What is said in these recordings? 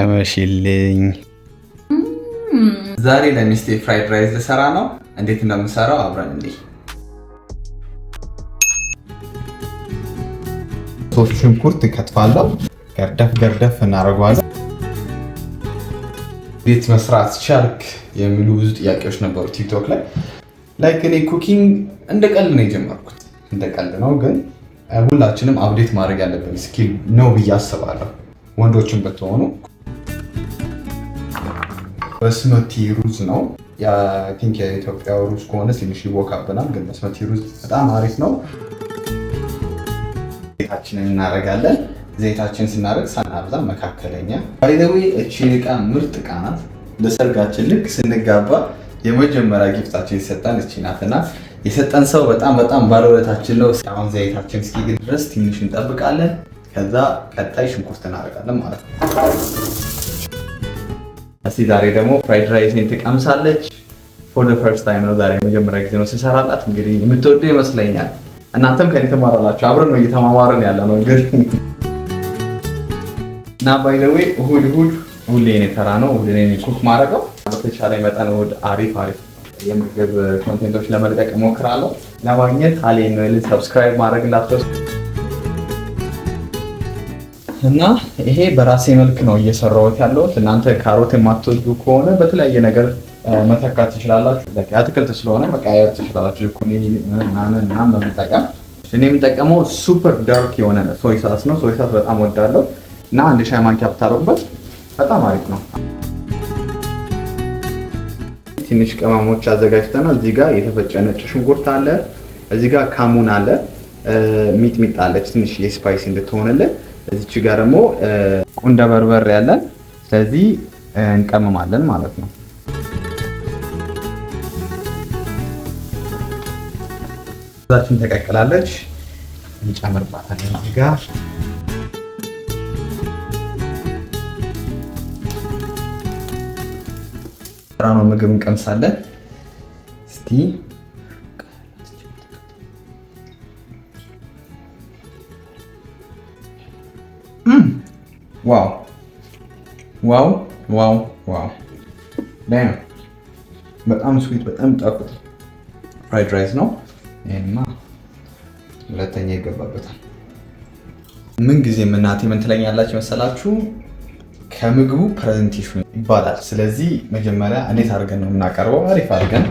ቀመሽልኝ። ዛሬ ለሚስቴ ፍራይድ ራይስ ልሰራ ነው። እንዴት እንደምሰራው አብረን እንዲህ ሶስት ሽንኩርት ከትፋለሁ። ገርደፍ ገርደፍ እናደርገዋለን። ቤት መስራት ቻልክ የሚሉ ብዙ ጥያቄዎች ነበሩ ቲክቶክ ላይ። ላይክ እኔ ኩኪንግ እንደ ቀልድ ነው የጀመርኩት፣ እንደ ቀልድ ነው ግን ሁላችንም አብዴት ማድረግ ያለብን ስኪል ነው ብዬ አስባለሁ። ወንዶችን ብትሆኑ በስመቲ ሩዝ ነው። ቲንክ የኢትዮጵያ ሩዝ ከሆነ ትንሽ ይወካብናል፣ ግን በስመቲ ሩዝ በጣም አሪፍ ነው። ዘይታችንን እናደርጋለን። ዘይታችን ስናደርግ ሳናብዛ መካከለኛ። ባይዘዊ። እቺ እቃ ምርጥ እቃ ናት። ለሰርጋችን ልክ ስንጋባ የመጀመሪያ ጊፍታችን የሰጠን እቺ ናትና የሰጠን ሰው በጣም በጣም ባለውለታችን ነው። አሁን ዘይታችን እስኪግል ድረስ ትንሽ እንጠብቃለን። ከዛ ቀጣይ ሽንኩርት እናደርጋለን ማለት ነው። እስቲ ዛሬ ደግሞ ፍራይድ ራይሴን ትቀምሳለች። ፎር ዘ ፈርስት ታይም ነው ዛሬ የመጀመሪያ ጊዜ ነው ስሰራላት። እንግዲህ የምትወደው ይመስለኛል። እናንተም ከኔ ተማራላችሁ። አብረን ነው እየተማማርን ያለ ነው እንግዲህ እና ባይዘዌ እሁድ እሁድ ሁሌ እኔ ተራ ነው እሁድ እኔ ኩክ ማድረገው። በተቻለ መጠን እሁድ አሪፍ አሪፍ የምግብ ኮንቴንቶች ለመልቀቅ እሞክራለሁ። ለማግኘት አሌን ሰብስክራይብ ማድረግ እንዳትረሱ። እና ይሄ በራሴ መልክ ነው እየሰራሁት ያለሁት። እናንተ ካሮት የማትወዱ ከሆነ በተለያየ ነገር መተካት ትችላላችሁ። አትክልት ስለሆነ መቀያየር ትችላላችሁ። ኩኒ ምናምን ምናምን በመጠቀም እኔ የሚጠቀመው ሱፐር ዳርክ የሆነ ሶይ ሳስ ነው። ሶይ ሳስ በጣም ወዳለሁ እና አንድ ሻይ ማንኪያ ብታረጉበት በጣም አሪፍ ነው። ትንሽ ቅመሞች አዘጋጅተናል። እዚህ ጋር የተፈጨ ነጭ ሽንኩርት አለ። እዚህ ጋር ካሙን አለ። ሚጥሚጣ አለች ትንሽ የስፓይሲ እንድትሆንልን እዚች ጋር ደግሞ ቁንደ በርበሬ ያለን፣ ስለዚህ እንቀምማለን ማለት ነው። ዛችን ተቀቅላለች እንጨምርባታለን እዚህ ጋር ስራ ነው ምግብ እንቀምሳለን እስቲ ዋው ዋው ዋው ዋው በጣም ስዊት በጣም ጣፍጥ ፍራይድ ራይስ ነው። ይሄንማ ሁለተኛ ይገባበታል። ምን ጊዜ እናቴ ምን ትለኛላችሁ መሰላችሁ? ከምግቡ ፕሬዘንቴሽን ይባላል። ስለዚህ መጀመሪያ እንዴት አድርገን ነው የምናቀርበው? አሪፍ አድርገን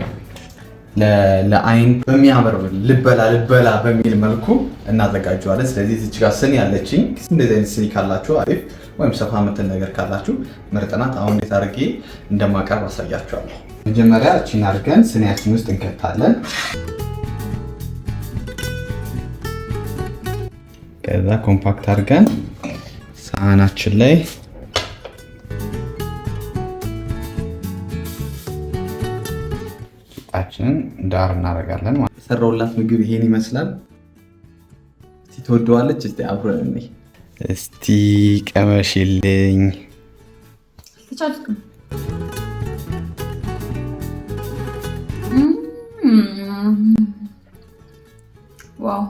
ለአይን በሚያምርብን ልበላ ልበላ በሚል መልኩ እናዘጋጀዋለን። ስለዚህ እዚች ጋር ስኒ ያለችኝ እንደዚህ አይነት ስኒ ካላችሁ አሪፍ ወይም ሰፋ ምትል ነገር ካላችሁ ምርጥናት። አሁን እንዴት አድርጌ እንደማቀርብ አሳያችኋለሁ። መጀመሪያ እችን አድርገን ስኒያችን ውስጥ እንከታለን። ከዛ ኮምፓክት አድርገን ሳህናችን ላይ ቂጣችንን ዳር እናደርጋለን። የሰራውላት ምግብ ይሄን ይመስላል። ትወደዋለች። እስኪ አብረን እስቲ ቀመሽልኝ ዋው